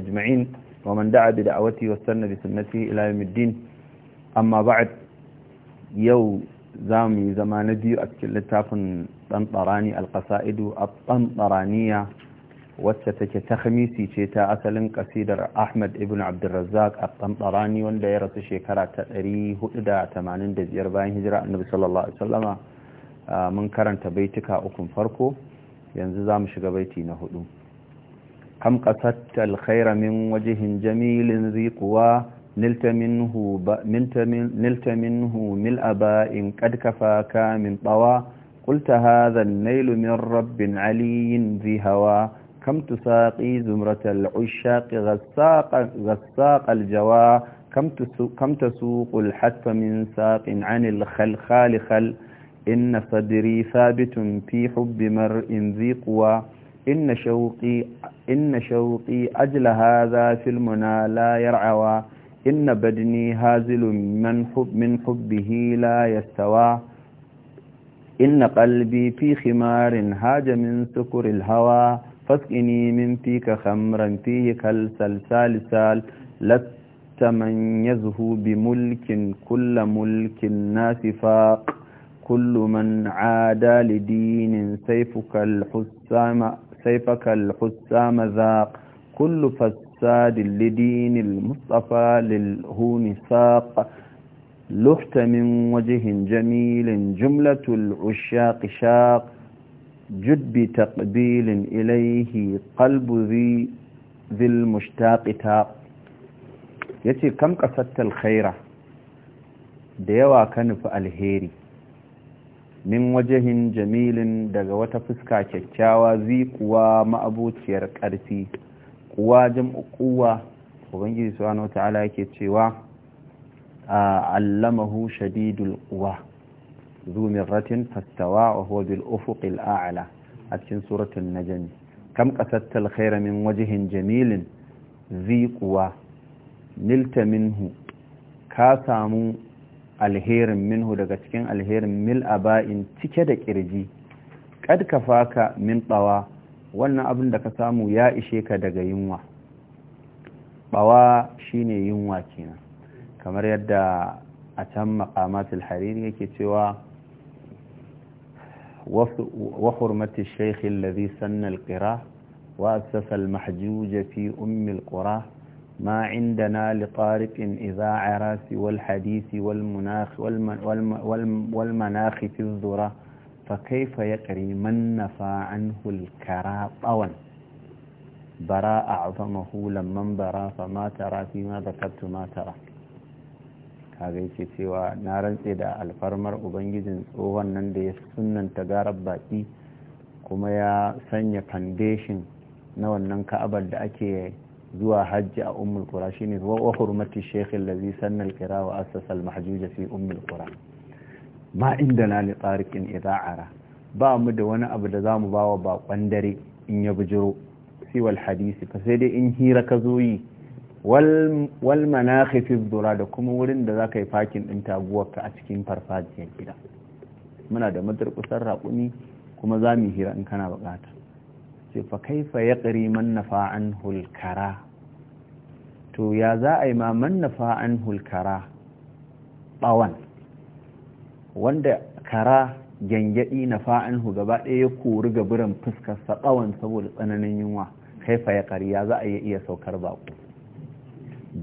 أجمعين ومن دعا بدعوته واستنى بسنته إلى يوم الدين أما بعد يو زامي زمان بيو أكل لتافن طنطراني القصائد الطنطرانية وستك تخميسي تيتا أسل قصيدة أحمد ابن عبد الرزاق الطنطراني واندا يرس شكرا تأريه إدا تمانين دزير باين هجرة النبي صلى الله عليه وسلم من كرنت بيتك أكم فرقو ينزل زام شقبيتي نهدو كم قصدت الخير من وجه جميل ذي قوى نلت منه ب... نلت, من... نلت منه ملء باء قد كفاك من طوى قلت هذا النيل من رب علي ذي هوى كم تساقي زمرة العشاق غساق, غساق الجوى كم, تسوق, كم تسوق الحتف من ساق عن الخلخال خل إن صدري ثابت في حب مرء ذي قوى إن شوقي إن شوقي أجل هذا في المنى لا يرعوى إن بدني هازل من, حب من حبه لا يستوى إن قلبي في خمار هاج من سكر الهوى فاسقني من فيك خمرا فيه كالسلسال سال لست من يزهو بملك كل ملك الناس فاق كل من عادى لدين سيفك الحسام سيفك الحسام ذاق كل فساد لدين المصطفى للهون ساق لحت من وجه جميل جملة العشاق شاق جد بتقبيل إليه قلب ذي ذي المشتاق تاق يتي كم قصدت الخيرة ديوا كنف الهيري min wajahin jamilin daga wata fuska kyakkyawa zi kuwa ma'abociyar ƙarfi kuwa jam'u kuwa ubangiji subhanahu wata'ala yake cewa allamahu shadidul quwa zu mirratin fastawa wa huwa bil ufuqil a'la a cikin suratul najm kam qasattal khayra min wajhin jamilin zi kuwa nilta minhu ka samu alherin minhu daga cikin alherin mil aba'in cike da kirji kad faka min bawa wannan abin da ka samu ya ishe ka daga yunwa bawa shine yunwa kenan kamar yadda a can maqamatul hariri yake cewa wa hurmati shaykh alladhi sanna alqira wa assasa almahjuj fi ummi alqura ما عندنا لطارق إذا عراس والحديث والمناخ والمناخ في الذرة فكيف يقري من نفى عنه الكرى طوى برا أعظمه لمن برا فما ترى فيما ذكرت ما ترى kaga yace cewa na rantse da alfarmar ubangijin tsohon nan da ya sunanta gara baƙi kuma ya sanya foundation na wannan ka'abar da ake zuwa hajji a ummul qura shine wa hurmati shaykh allazi sanna al-qira wa assasa al-mahjuj fi umul kura ma inda na li tariqin ida'ara ba mu da wani abu da za mu bawa bakon dare in ya bujiro siwal hadisi fa sai dai in hira ka zo yi wal manakhifid dura da kuma wurin da zaka yi fakin din ka a cikin farfajiyar gida muna da madurkusar raƙumi kuma za hira in kana bukata ce fa kaifa ya ƙari mannafa an hulkara to ya za a yi ma mannafa an hulkara ɓawan wanda kara gyangyaɗi na fa'anhu gaba ɗaya ya kori gaburan fuskarsa ɓawan saboda tsananin yunwa kaifa ya ƙari ya za a iya saukar baƙo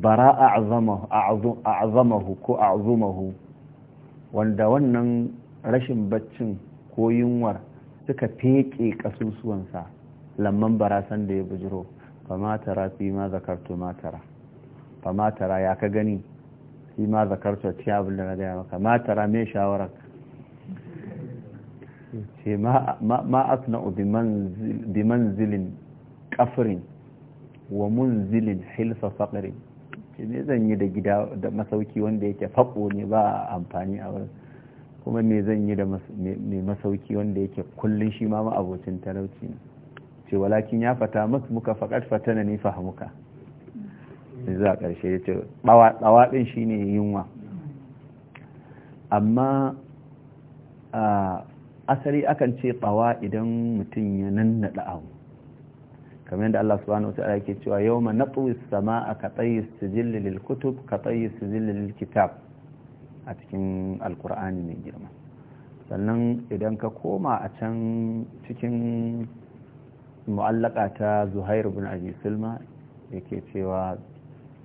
bara a azamahu ko a azumahu wanda wannan rashin baccin ko yunwar suka feƙe ƙasusuwansa lamman barasan da ya bujiro fama tara fi ma zakartu ma tara fama tara ya ka gani fi ma zakarto ta abin da na gaya maka ma tara me shawarar ce ma asna'u biman zilin kafirin wa mun zilin hilfa faƙarin ce me zan yi da gida da masauki wanda yake faƙo ne ba a amfani a wurin kuma me zan yi da mai masauki wanda yake kullum shi ma ma abocin talauci ne ce walakin ya fata mak muka faƙat fatana ni fahimuka zuwa ƙarshe ya ce ɗawaɗin shi ne yunwa amma asali akan ce ɓawa idan mutum ya nannaɗa abu kamar yadda Allah subhanahu wa ta'ala ke cewa yau ma ɓuwis sama a katsayi su lil kutub katsayi su lil kitab a cikin alkur'ani mai girma sannan idan ka koma a can cikin mu'allaka ta zuhair bin abi sulma yake cewa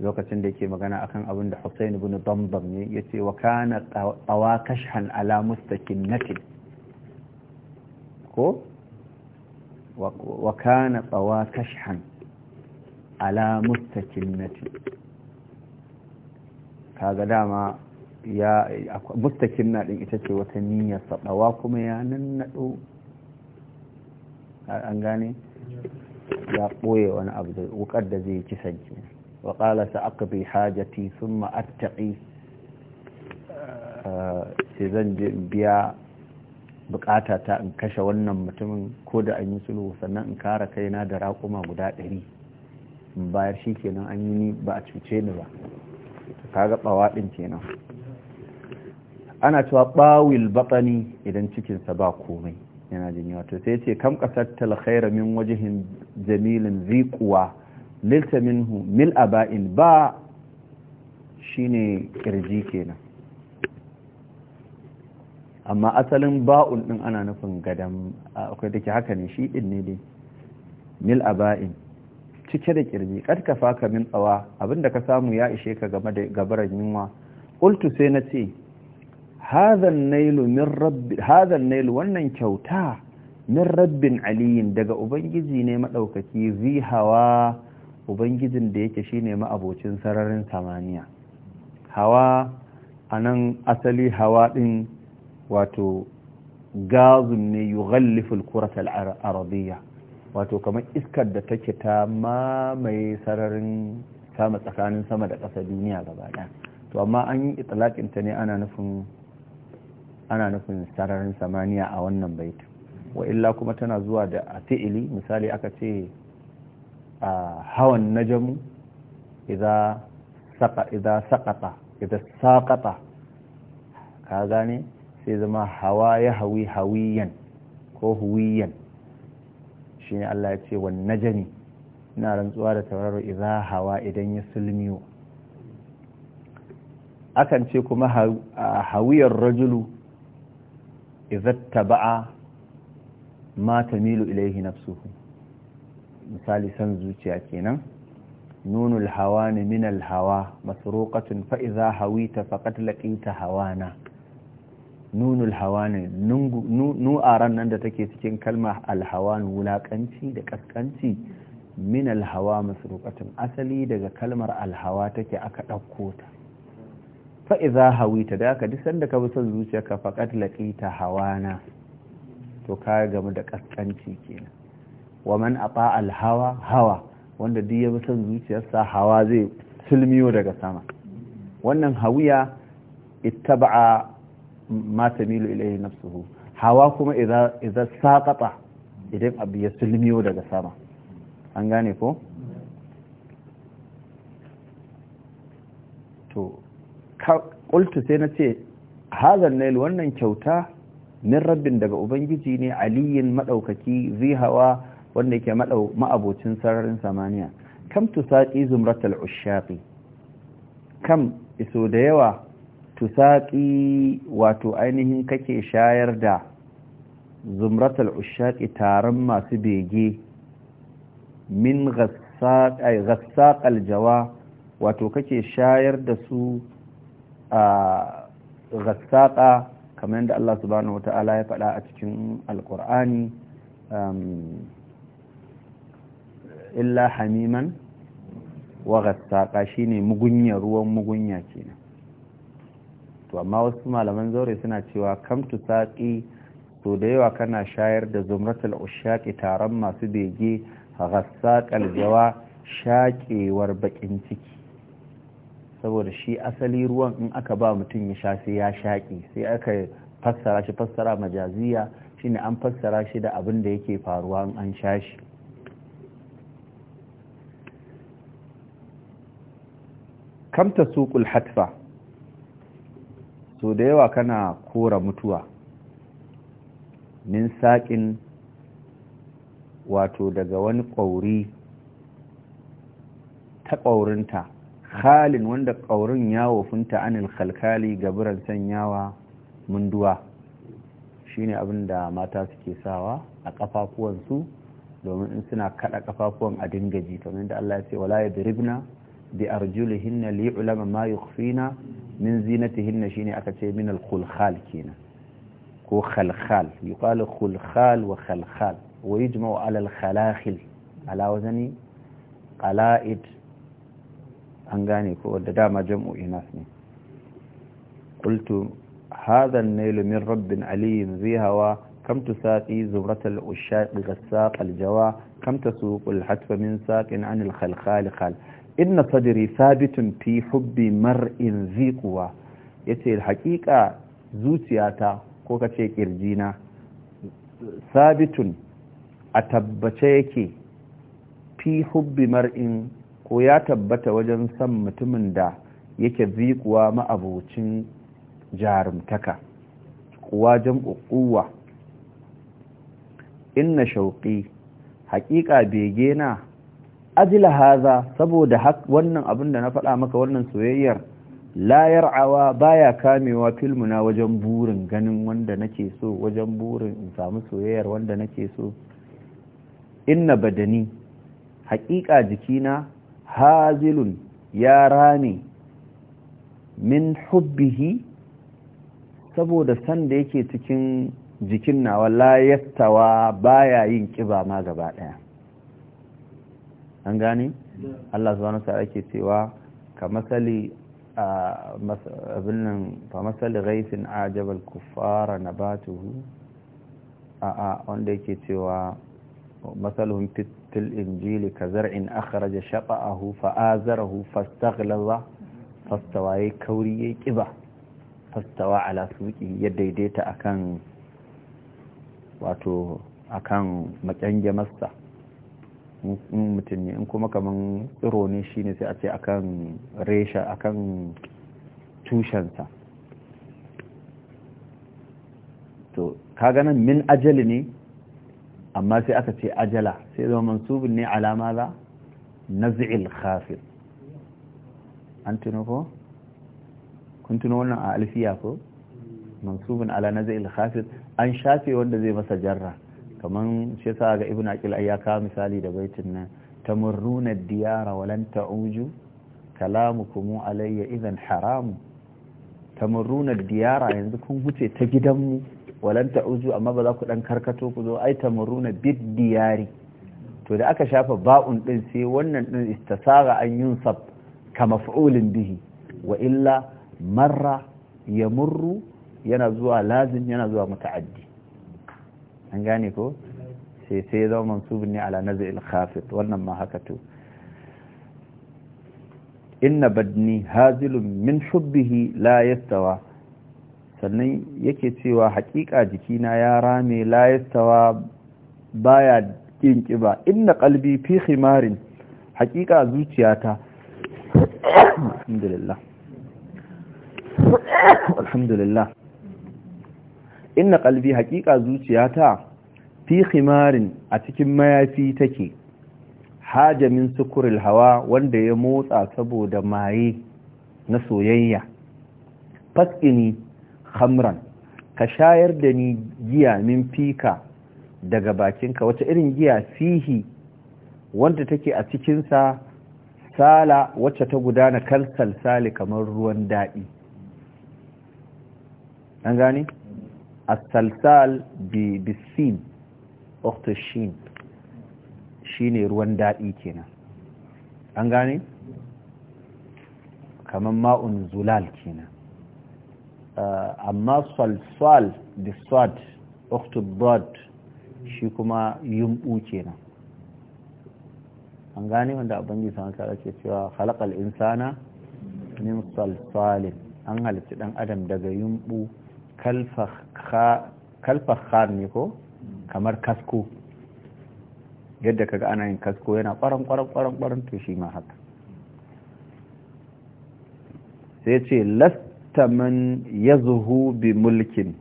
lokacin da yake magana akan abin da husain ibn dambam ne yace wa kana tawakashan ala mustaqimnatin ko wa kana tawakashan ala mustaqimnatin kaga dama ya mustaqimna din ita ce wata niyyar sa kuma ya nannado an gane ya ɓoye wani abu da wukar da zai kisan ki wa ƙala sa aka bi hajati sun ma'attaƙi eh, sai zan je biya buƙata ta in kashe wannan mutumin ko da an yi sulhu sannan in kara kaina da raƙuma guda ɗari in bayar shi kenan an yi ni ba a cuce ni ba kaga ɓawa ɗin kenan ana cewa ɓawil baɓani idan cikinsa ba komai yana jin yawa to sai ce kam qasattal khaira min wajhin jamilin ziquwa lilta minhu mil aba'in ba shine kirji kenan amma asalin ba'ul din ana nufin gadan akwai dake haka ne shi din ne dai mil aba'in cike da kirji kad ka faka min tsawa abinda ka samu ya ishe ka game da gabaran yunwa qultu sai na ce هذا nailu wannan kyauta min rabbin aliyin daga ubangiji ne madaukaki zi hawa ubangijin da yake shine ma'abocin sararin samaniya hawa anan asali hawa din wato gazun ne yughallifu al-kurata arabiyya wato kamar iskar da take ta mamaye sararin sama tsakanin sama da ƙasa duniya gaba ɗaya to amma an yi italaƙinta ne ana nufin ana nufin sararin samaniya a wannan baita wa illa kuma tana zuwa da a fi'ili misali aka ce a hawan najamu idan saƙaƙa idan saƙaƙa ka gane sai zama hawa ya hawi hawiyan ko huwiyan shi ne Allah ya ce wa najami ina rantsuwa da tauraro idan hawa idan ya sulmiyo akan ce kuma hawiyar rajulu izatta ba'a ma tamilu ilaihi nafsuhu misali san zuciya kenan nunul hawa ne minal hawa masruqatun fa idza hawita faqad laqita hawana nunul hawa ne nu'aran nan da take cikin kalmar alhawan wulakanci da kaskanci minal hawa masruqatun asali daga kalmar alhawa take aka dauko ta fa'iza hawita da aka duk sanda ka bi son zuciya ka faƙat laƙita hawana to ka gamu da ƙasƙanci kenan wa man aɓa alhawa hawa wanda duk ya bi son zuciyarsa hawa zai silmiyo daga sama wannan hawiya ittaba'a ma tamilu ilayhi nafsuhu hawa kuma idan saqata idan abu ya silmiyo daga sama an gane ko kultu sai na ce hazan nail wannan kyauta min rabbin daga ubangiji ne aliyin madaukaki Hawa wanda yake ma'abocin sararin samaniya kam tusaƙi zumratul ushaqi kam iso da yawa tusaƙi wato ainihin kake shayar da zumratal ushaqi taron masu bege min ghassaq ay wato kake shayar da su a rassaka kamar yadda Allah subhanahu wa ta'ala ya faɗa a cikin alƙur'ani um, illa hamiman wa rassaka shi ne mugunya ruwan mugunya kenan to amma wasu malaman zaure suna cewa kamtu saƙi to da yawa kana shayar da zumratul ushaƙi taron masu bege rassakar jawa shaƙewar baƙin ciki saboda shi asali ruwan in aka ba mutum ya sha sai ya shaƙi sai aka fassara shi fassara majaziya shine an fassara shi da abin da yake faruwa in an sha shi kamta suƙul hatfa so da yawa kana kora mutuwa min saƙin wato daga wani ƙwauri ta ƙaurinta. khalin wanda ƙaurin ya wofinta anil khalkali san yawa munduwa shine abin da mata suke sawa a ƙafafuwansu domin in suna kaɗa ƙafafuwan a dinga ji kamar da Allah ya ce wala yadribna bi arjulihinna li ulama ma yukhfina min zinatihinna shine aka ce min al-khulkhal kenan ko khalkhal yuqalu khulkhal wa khalkhal wa yujma'u ala al-khalakhil ala wazani qala'id an gane ko wadda da jam'o'i nas ne qultu hadha an-nail min rabbin alim zai hawa kam tusaqi zumrat al-ushaq ghassaq al-jawa kam tasuq an al-khalqal khal in sadri thabitun fi hubbi mar'in zi quwa yace al-haqiqa zuciyata ko kace na thabitun a tabbace yake fi hubbi mar'in ko ya tabbata wajen san mutumin da yake zikuwa ma'abocin jarumtaka kuwa jam'u inna shauƙi haƙiƙa bege na ajila haza saboda wannan abin da na faɗa maka wannan soyayyar layar awa baya kamewa filmuna wajen burin ganin wanda nake so wajen burin in samu soyayyar wanda nake so inna badani haƙiƙa jikina hazilun ya من min hubbihi saboda sanda yake cikin jikin nawa la yastawa baya yin kiba ma gaba daya an gane Allah subhanahu wa ta'ala yake cewa ka masali abinnan fa masali ghaisin ajabal kuffara nabatuhu a a wanda yake cewa مثلهم في الإنجيل كزرع أخرج شطأه فآزره فاستغلظ فاستوى كوري كبا فاستوى على يدي يديديت أكان واتو أكان مجنج مصة متني ne in kuma kaman tsiro ne shine sai a ce akan resha akan tushensa to amma sai aka ce ajala sai zama mansubin ne alama za zi'il khafir an tuno ko kun tuno wannan a alfiya ko mansubin ala zi'il khafir an shafe wanda zai masa jarra kamar shi sa ga ibnu aqil ya kawo misali da baitin nan tamurruna diyara walan ta'uju kalamukum alayya idan haram tamurruna diyara yanzu kun huce ta gidanmu walan uju amma ba za ku dan karkato ku zo ai tamuruna bid diyari to da aka shafa ba'un din sai wannan din istasara an yunsab ka maf'ulin bihi wa illa marra yamurru yana zuwa lazim yana zuwa muta'addi an gane ko sai sai zama mansub ne ala nazil khafid wannan ma haka to inna badni hazilun min hubbihi la yastawa sannan yake cewa haƙiƙa jikina ya rame la yastawa baya kin ba inna qalbi fi khimarin haƙiƙa zuciyata alhamdulillah inna qalbi haƙiƙa zuciyata fi khimarin a cikin mayafi take hajamin sukuril hawa wanda ya motsa saboda maye na soyayya Fasƙini. khamran ka shayar da ni giya min fika daga bakinka wata irin giya fihi wanda take a cikin sa sala wacce ta gudana kalsal sali kamar ruwan daɗi an gani? asalsal bisin oktashin shi ne ruwan daɗi kenan an gani? kamar ma'un zulal kenan amma falfal da swad octobrod shi kuma yumbu kenan an gane wanda abinji sama ake cewa halakal insana min salsalin an halitta dan adam daga yumbu kalfahar ne ko kamar kasko yadda kaga ana yin kasko yana kwaran kwaran kwaran kwaran to shi ma haka sai ce last lasta man yazhu bi mulkin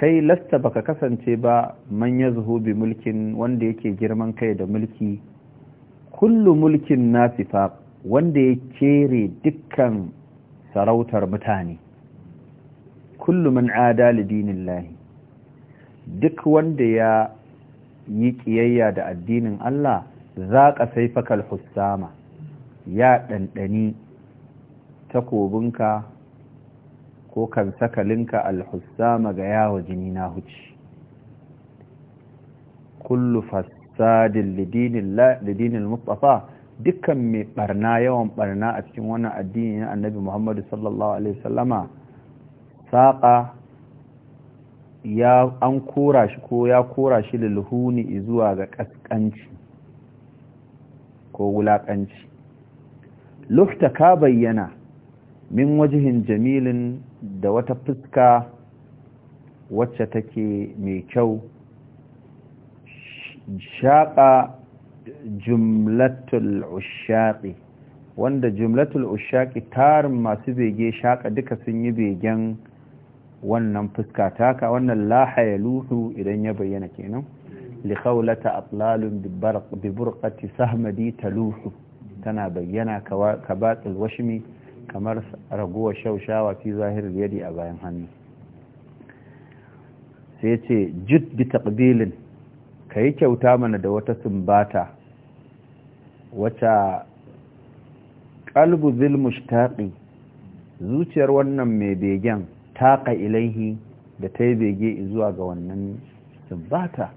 kai lasta baka kasance ba man yazhu bi mulkin wanda yake girman kai da mulki kullu mulkin nasifa wanda ya cere dukkan sarautar mutane kullu man ada lidinillahi duk wanda ya yi kiyayya da addinin Allah za ka saifakal hussama ya ɗanɗani takobinka ko kan sakalinka alhussama ga yawo jini na huci kullu fasadin lidinin mustafa dukkan mai barna yawan barna a cikin wannan addini na annabi muhammadu sallallahu alaihi wasallama saƙa ya an kora shi ko ya kora shi zuwa ga ƙasƙanci ko wulaƙanci lufta ka bayyana min wajihin jamilin da wata fuska wacce take mai kyau shaƙa jumlatul ushaƙi wanda jumlatul ushaƙi tarin masu bege shaƙa duka sun yi begen wannan fuska taka wannan laha ya luhu idan ya bayyana kenan likhaulata atlalun bi burqati sahmadi taluhu tana bayyana ka batsil washmi kamar ragowar shaushawa fi zahirar yadi a bayan hannu sai ce jid bi taqbilin ka yi kyauta mana da wata sumbata wata ƙalbu zil mushtaqi zuciyar wannan mai begen taƙa ilaihi da ta yi bege zuwa ga wannan sumbata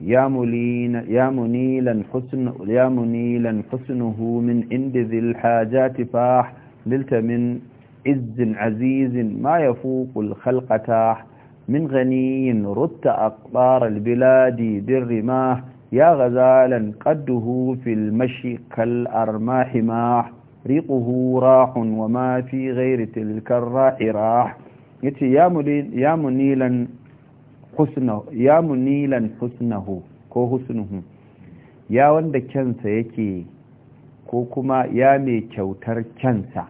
يا مولين يا منيلا حسن يا منيلا حسنه من عند ذي الحاجات فاح للت من عز عزيز ما يفوق الخلق تاح من غني رت أقطار البلاد بالرماح يا غزالا قده في المشي كالأرماح ماح ريقه راح وما في غير تلك الراح راح يتي يا منيلا ya munilan husnahu ko husnuhu ya wanda kyansa yake ko kuma ya mai kyautar kyansa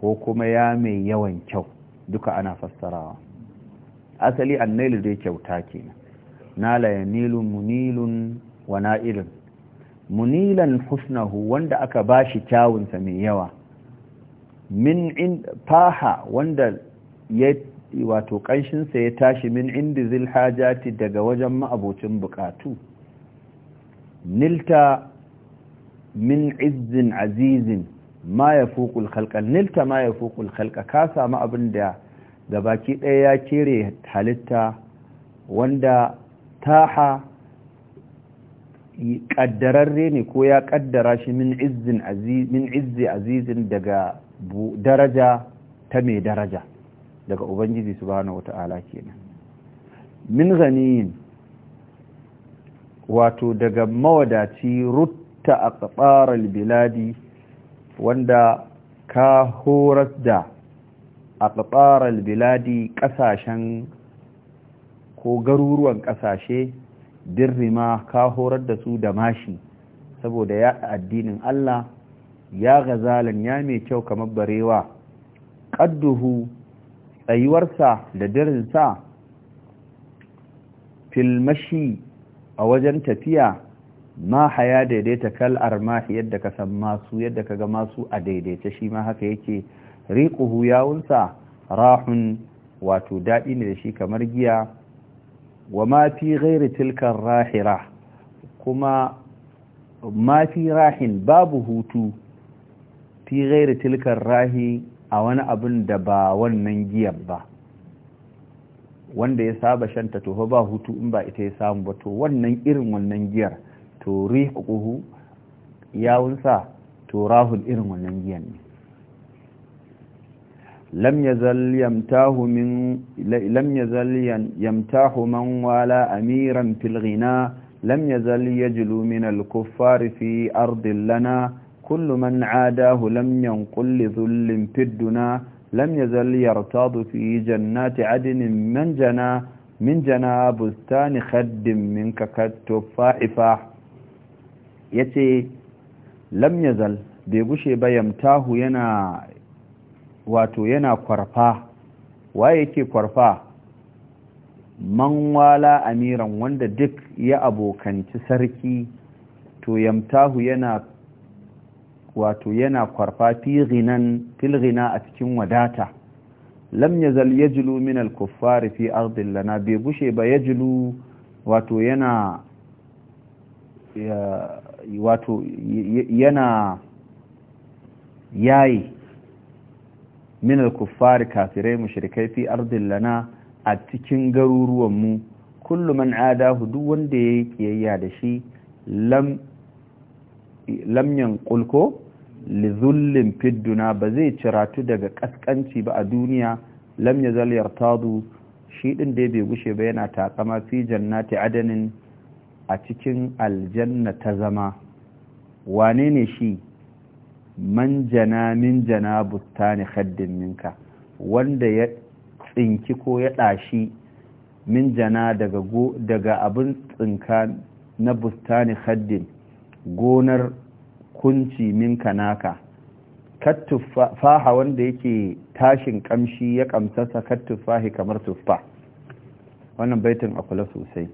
ko kuma ya mai yawan kyau duka ana fassarawa asali annailu dai kyauta kenan nala ya nilu munilun wa na'ilun munilan husnahu wanda aka bashi kyawunsa mai yawa min in faha wanda ya wato ƙanshinsa ya tashi min indi zil hajati daga wajen ma'abocin buƙatu nilta min izzin azizin ma ya fuƙul halƙa nilta ma ya fuƙul halƙa ka samu abin da gabaki ɗaya ya kere halitta wanda taha ƙaddararre ne ko ya ƙaddara shi min izzi azizin daga daraja ta mai daraja daga ubangiji subhanahu wata'ala kenan min ghaniyin wato daga mawadaci rutta a tsabarar biladi wanda ka horar da a biladi kasashen ko garuruwan kasashe dirrima ka horar da su da mashi saboda ya addinin Allah ya gazalan ya mai kyau kamar barewa ƙadduhu tsayuwarsa da dirinsa filmashi a wajen tafiya maha ya daidaita kal arma yadda ka san masu yadda ka ga masu a daidaita shi ma haka yake riƙuhu yawunsa rahun wato daɗi ne da shi kamar giya wa ma fi ghairi tilkan rahira kuma ma fi rahin babu hutu fi gairi tilkan rahi a wani abin da ba wannan giyar ba wanda ya saba shanta to ba hutu in ba ita ya samu ba to wannan irin wannan giyar to rihuhu yawunsa to rahul irin wannan giyar ne lam yazal yamtahu min wala amiran fil ghina lam yazal yajlu min al kuffar fi ardin lana kullu man adahu lam yanqul li dhullin fid duna lam yazal yartadu fi jannati adnin man min jana bustani khaddim minka kattufa'ifa yace lam yazal bai gushe ba yamtahu yana wato yana kwarfa man wala amiran wanda duk ya abokanci sarki to yamtahu yana wato yana kwarfa fi a cikin wadata lam ya yajlu min al fi ardillana bai bushe ba yajlu wato yana wato yana yayi min al kafirai mushrikai fi ardillana a cikin garuruwan mu an adahu duk wanda yayi kiyayya da shi lam lamyan kulko lizullin fidduna ba zai ciratu daga kaskanci ba a duniya lamya ya tadu shi din da bai gushe ba yana takama fi jannati adanin a cikin aljanna ta zama wane ne shi man jana min jana bustani haddin minka wanda ya tsinki ko ya ɗashi min jana daga abin tsinka na bustani haddin gonar kunci min kanaka kattufaha wanda yake tashin kamshi ya kamsasa kattufahi kamar tuffa wannan baitin a kula sosai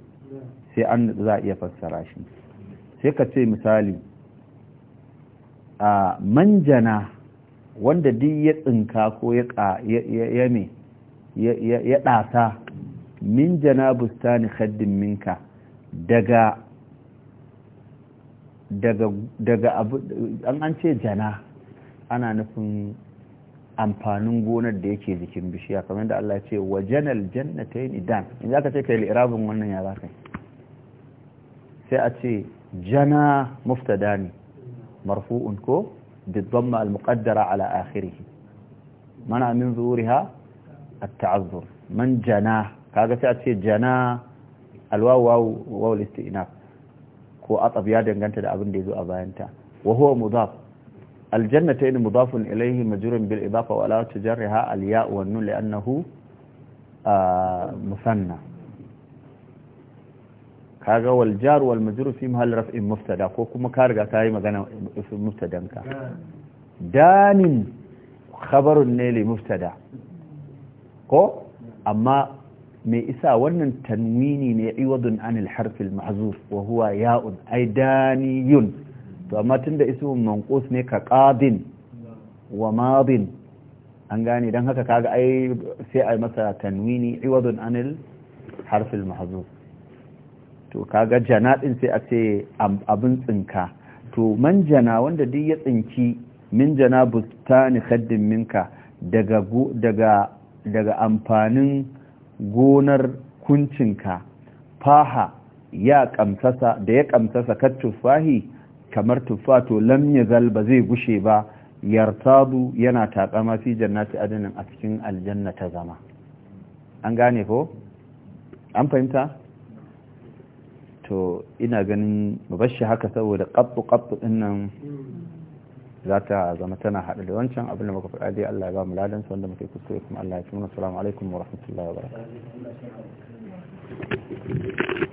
sai an za a iya fassara shi sai ka ce misali a manjana wanda duk ya tsinka ko ya yame ya ɗasa min jana bustani haddin minka daga daga abu an an ce jana ana nufin amfanin gonar da yake jikin bishiya kamar yadda Allah ce wa janal jannatayn idan in zaka ce kai li'rabun wannan ya zaka sai a ce jana muftada ne marfu'un ko bidamma al-muqaddara ala akhirih mana min zuhuriha at-ta'azzur man jana kaga sai a ce jana alwawu wawu al-istinaf ko atsaf ya danganta da abin da ya zo a bayanta wa huwa mudaf aljannatayn mudafun ilayhi majrun bil idafa wa la tajarraha al ya wa nun li'annahu musanna kaga wal jar wal majrur fi mahall raf'in mubtada ko kuma ka riga ka yi magana ism ka danin khabarun ne li mubtada ko amma mai isa wannan tanwini ne iwadun anil harfil mahzuf wa huwa ya'un ay daniyun to amma tunda ismun manqus ne ka qadin wa madin an gane dan haka kaga ai sai ai masa tanwini iwadun anil harfil mahzuf to kaga jana din sai a ce abin tsinka to man jana wanda duk ya tsinki min jana bustani khaddin minka daga daga daga amfanin gonar kuncinka faha ya kamsasa da ya kamsasa ka tufahi kamar tufato lam yazal ba zai gushe ba yartadu yana ma fi jannati adinin a cikin aljanna ta zama an gane ko an fahimta to ina ganin bashi haka saboda ƙaɓɓu ƙaɓɓu ɗin nan za ta zama tana haɗu da wancan abin da muka faɗa dai Allah ya ba mu ladan su wanda muke yi kuskure kuma Allah ya ci mana assalamu alaikum wa rahmatullahi wa barakatuh